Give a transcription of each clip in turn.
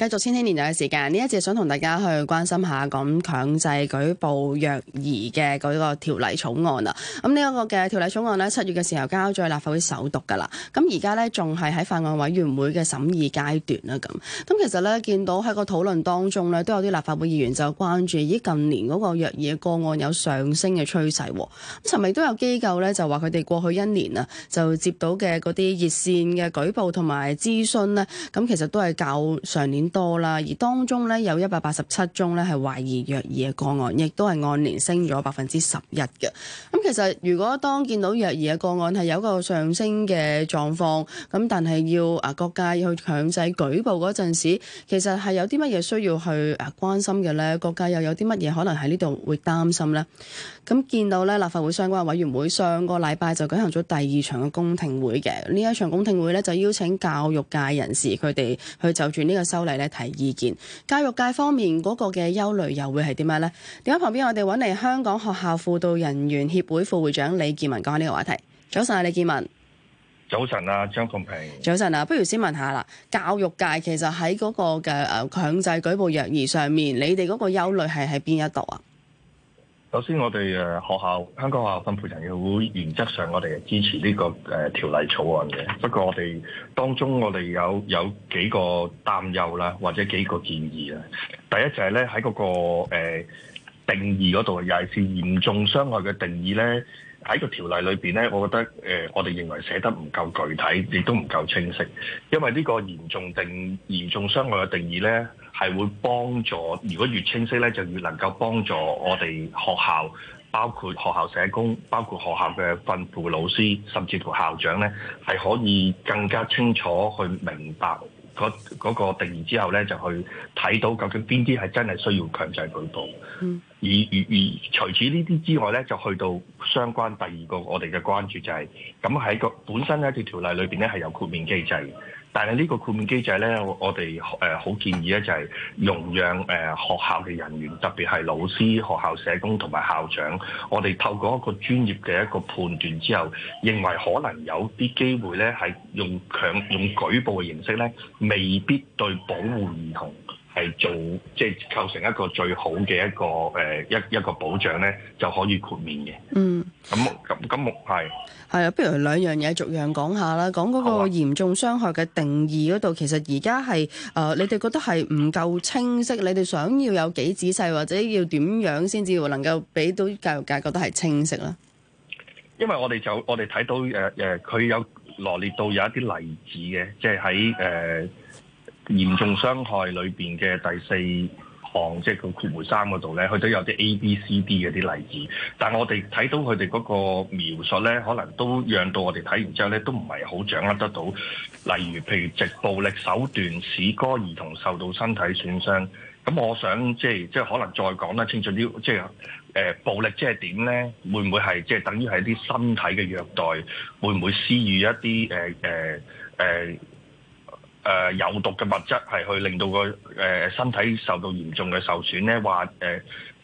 繼續千禧年代嘅時間，呢一節想同大家去關心下咁強制舉報虐兒嘅嗰個條例草案啊。咁呢一個嘅條例草案呢，七月嘅時候交咗去立法會首讀噶啦。咁而家呢，仲係喺法案委員會嘅審議階段啦，咁，咁其實呢，見到喺個討論當中呢，都有啲立法會議員就關注，咦近年嗰個虐兒個案有上升嘅趨勢。咁尋日都有機構呢，就話佢哋過去一年啊，就接到嘅嗰啲熱線嘅舉報同埋諮詢呢，咁其實都係較上年。多啦，而當中咧有一百八十七宗咧係懷疑虐兒嘅個案，亦都係按年升咗百分之十一嘅。咁其實如果當見到虐兒嘅個案係有個上升嘅狀況，咁但係要啊各界去強制舉報嗰陣時其實係有啲乜嘢需要去啊關心嘅咧？各界又有啲乜嘢可能喺呢度會擔心咧？咁見到咧立法會相關委員會上個禮拜就舉行咗第二場嘅公聽會嘅，呢一場公聽會咧就邀請教育界人士佢哋去就住呢個修例，提意見，教育界方面嗰個嘅憂慮又會係點樣咧？點解旁邊我哋揾嚟香港學校訓輔人員協會副會長李建文講下呢個話題？早晨啊，李建文。早晨啊，張鳳平。早晨啊，不如先問下啦，教育界其實喺嗰個嘅誒強制舉報虐兒上面，你哋嗰個憂慮係喺邊一度啊？首先，我哋誒學校，香港學校訓輔人員協會原則上，我哋係支持呢、這個誒、呃、條例草案嘅。不過我們，我哋當中我哋有有幾個擔憂啦，或者幾個建議啦。第一就係咧喺嗰個、呃、定義嗰度，尤其係嚴重傷害嘅定義咧喺個條例裏邊咧，我覺得誒、呃、我哋認為寫得唔夠具體，亦都唔夠清晰，因為呢個嚴重定嚴重傷害嘅定義咧。係會幫助，如果越清晰咧，就越能夠幫助我哋學校，包括學校社工，包括學校嘅訓輔老師，甚至同校長咧，係可以更加清楚去明白嗰、嗰個定義之後咧，就去睇到究竟邊啲係真係需要強制舉報。嗯，而而而除此呢啲之外咧，就去到相關第二個我哋嘅關注就係、是，咁喺個本身喺條條例裏面咧係有豁免機制。但係呢個豁免機制咧，我哋好建議咧，就係容讓學校嘅人員，特別係老師、學校社工同埋校長，我哋透過一個專業嘅一個判斷之後，認為可能有啲機會咧，係用強用舉報嘅形式咧，未必對保護兒童，係做即係構成一個最好嘅一個誒、呃、一一個保障咧，就可以豁免嘅。嗯，咁咁咁，係係啊，不如兩樣嘢逐樣講下啦。講嗰個嚴重傷害嘅定義嗰度，其實而家係誒，你哋覺得係唔夠清晰？你哋想要有幾仔細，或者要點樣先至能夠俾到教育界覺得係清晰咧？因為我哋就我哋睇到誒誒，佢、呃呃、有羅列到有一啲例子嘅，即係喺誒。呃嚴重傷害裏面嘅第四項，即係個括弧三嗰度咧，佢都有啲 A、B、C、D 嘅啲例子，但係我哋睇到佢哋嗰個描述咧，可能都讓到我哋睇完之後咧，都唔係好掌握得到。例如，譬如直暴力手段使歌兒童受到身體損傷，咁我想即係即係可能再講得清楚啲，即係、呃、暴力即係點咧？會唔會係即係等於係啲身體嘅虐待？會唔會施予一啲誒誒誒、呃、有毒嘅物質係去令到個、呃、身體受到嚴重嘅受損咧，話、呃、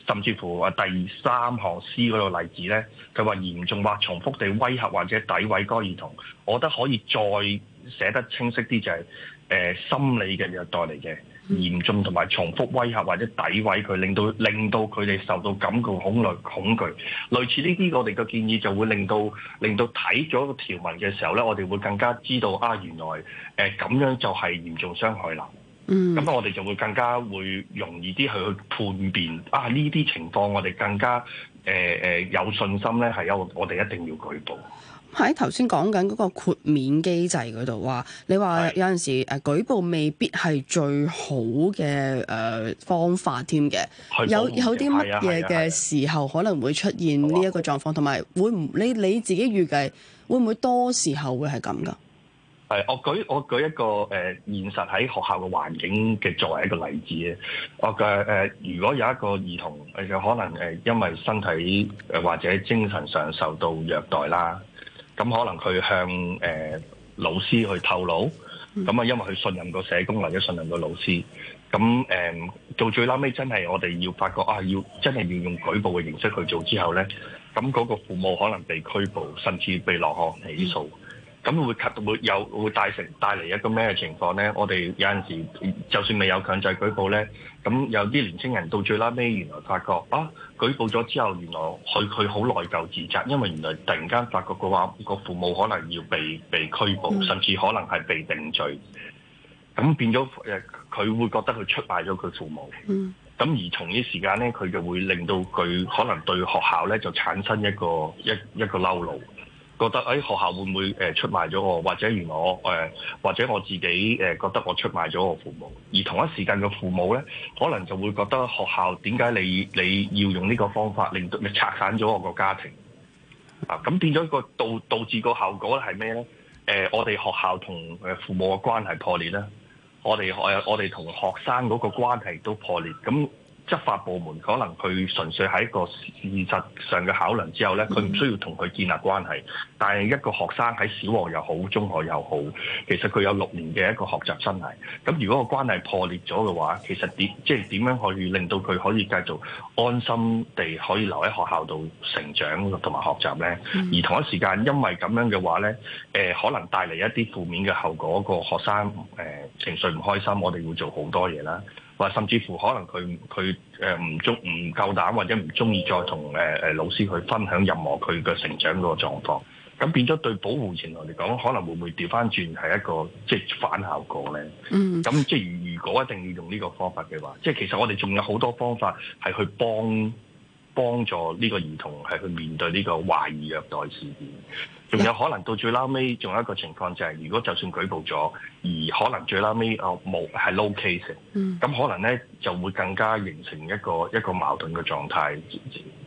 甚至乎第三項 C 嗰個例子咧，佢話嚴重或重複地威嚇或者詆毀該兒童，我覺得可以再寫得清晰啲，就是，就、呃、係心理嘅虐待嚟嘅。嚴重同埋重複威嚇或者詆毀佢，令到令到佢哋受到感覺、恐懼恐懼，類似呢啲我哋嘅建議就會令到令到睇咗個條文嘅時候咧，我哋會更加知道啊，原來誒咁、呃、樣就係嚴重傷害啦。嗯，咁我哋就會更加會容易啲去判別啊呢啲情況，我哋更加、呃呃、有信心咧，係有我哋一定要舉報。喺頭先講緊嗰個豁免機制嗰度話，你話有陣時誒舉報未必係最好嘅誒方法添嘅，有有啲乜嘢嘅時候可能會出現呢一個狀況，同埋會唔你你自己預計會唔會多時候會係咁㗎？係，我舉我舉一個誒、呃、現實喺學校嘅環境嘅作為一個例子啊！我嘅誒，如果有一個兒童誒，呃、就可能誒、呃、因為身體誒、呃、或者精神上受到虐待啦。呃咁可能佢向誒、呃、老師去透露，咁啊因為佢信任個社工或者信任個老師，咁誒、呃、到最撈尾真係我哋要發覺啊，要真係要用舉報嘅形式去做之後咧，咁嗰個父母可能被拘捕，甚至被落案起訴。咁會會有會帶成帶嚟一個咩情況呢？我哋有陣時就算未有強制舉報呢，咁有啲年輕人到最拉尾，原來發覺啊，舉報咗之後，原來佢佢好內疚自責，因為原來突然間發覺嘅話，個父母可能要被被拘捕，甚至可能係被定罪。咁變咗佢會覺得佢出賣咗佢父母。咁而同一時間呢，佢就會令到佢可能對學校呢就產生一個一一個嬲怒。覺得誒、哎、學校會唔會出賣咗我，或者原來我誒、呃，或者我自己誒、呃、覺得我出賣咗我父母，而同一時間嘅父母咧，可能就會覺得學校點解你你要用呢個方法，令到拆散咗我個家庭啊？咁變咗個導導致個效果係咩咧？誒、呃，我哋學校同誒父母嘅關係破裂啦，我哋、呃、我我哋同學生嗰個關係都破裂，咁、嗯。執法部門可能佢純粹喺一個事實上嘅考量之後咧，佢唔需要同佢建立關係。但係一個學生喺小學又好，中學又好，其實佢有六年嘅一個學習生涯。咁如果個關係破裂咗嘅話，其實點即係點樣可以令到佢可以繼續安心地可以留喺學校度成長同埋學習咧？嗯、而同一時間，因為咁樣嘅話咧、呃，可能帶嚟一啲負面嘅後果，個學生誒、呃、情緒唔開心，我哋會做好多嘢啦。或甚至乎可能佢佢誒唔中唔夠膽或者唔鍾意再同誒誒老師去分享任何佢嘅成長嗰個狀況，咁變咗對保護程度嚟講，可能會唔會調翻轉係一個即係、就是、反效果咧？嗯，咁即係如果一定要用呢個方法嘅話，即係其實我哋仲有好多方法係去幫。幫助呢個兒童係去面對呢個懷疑虐待事件，仲有可能到最撈尾，仲有一個情況就係、是，如果就算舉報咗，而可能最撈尾哦冇係 location 咁可能咧就會更加形成一個一個矛盾嘅狀態，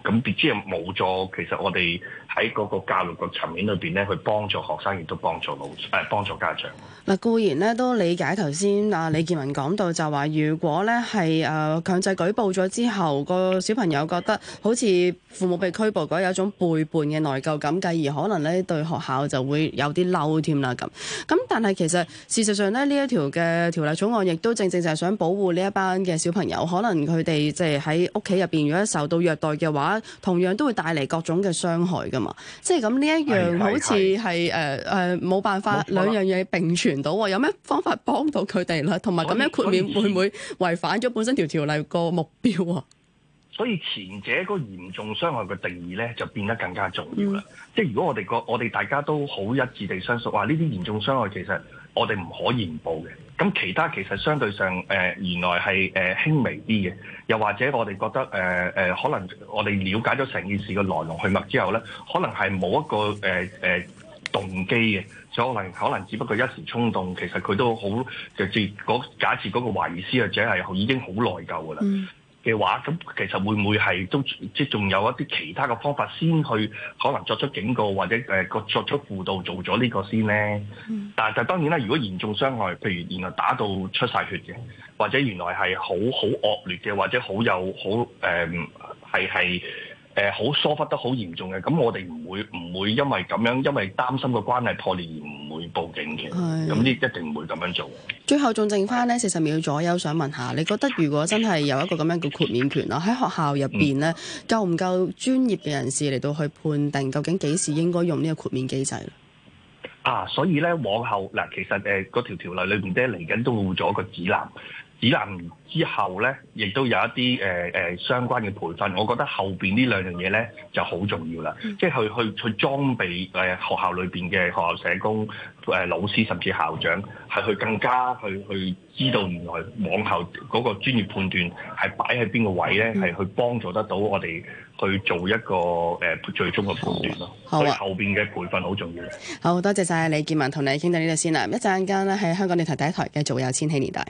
咁即係冇咗，其實我哋。喺嗰個教育局層面裏面，咧，去幫助學生，亦都幫助老師，幫、啊、幫助家長。嗱固然咧，都理解頭先啊李建文講到就話，如果咧係誒強制舉報咗之後，個小朋友覺得好似父母被拘捕咗，有一種背叛嘅內疚感，繼而可能咧對學校就會有啲嬲添啦咁。咁但係其實事實上咧，呢一條嘅條例草案亦都正正就係想保護呢一班嘅小朋友，可能佢哋即係喺屋企入面，如果受到虐待嘅話，同樣都會帶嚟各種嘅傷害。即係咁呢一樣是是是好似係誒誒冇辦法兩樣嘢並存到，呃，有咩方法幫到佢哋咧？同埋咁樣豁免會唔會違反咗本身條條例個目標啊？所以前者個嚴重傷害嘅定義咧，就變得更加重要啦。嗯、即係如果我哋個我哋大家都好一致地相信，話呢啲嚴重傷害其實。我哋唔可以唔報嘅，咁其他其實相對上誒、呃、原來係誒、呃、輕微啲嘅，又或者我哋覺得誒、呃呃、可能我哋了解咗成件事嘅來龍去脈之後咧，可能係冇一個誒誒、呃呃、動機嘅，所以可能可能只不過一時衝動，其實佢都好就即嗰假設嗰個懷疑思或者係已經好內疚㗎喇。嗯嘅話，咁其實會唔會係都即係仲有一啲其他嘅方法先去可能作出警告或者、呃個、作出輔導做咗呢個先咧？但係但當然啦，如果嚴重傷害，譬如原來打到出晒血嘅，或者原來係好好惡劣嘅，或者好有好呃係係呃好疏忽得好嚴重嘅，咁我哋唔會唔會因為咁樣，因為擔心個關係破裂而唔會報警嘅，咁呢一定唔會咁樣做。最後仲剩翻呢四十秒左右，想問下你覺得，如果真係有一個咁樣嘅豁免權啦，喺學校入邊呢，夠唔夠專業嘅人士嚟到去判定究竟幾時應該用呢個豁免機制啊，所以呢，往後嗱，其實誒嗰條條例裏邊都嚟緊都會做一個指南。指南之後咧，亦都有一啲誒、呃、相關嘅培訓，我覺得後面兩呢兩樣嘢咧就好重要啦、嗯。即係去去去裝備誒、呃、學校裏面嘅學校社工誒、呃、老師甚至校長，係去更加去去知道原來往後嗰個專業判斷係擺喺邊個位咧，係、嗯、去幫助得到我哋去做一個誒、呃、最終嘅判斷咯。好，啊好啊、所以後面嘅培訓好重要。好多謝晒，李建文同你傾到呢度先啦。一陣間咧喺香港電台第一台繼續有千禧年代。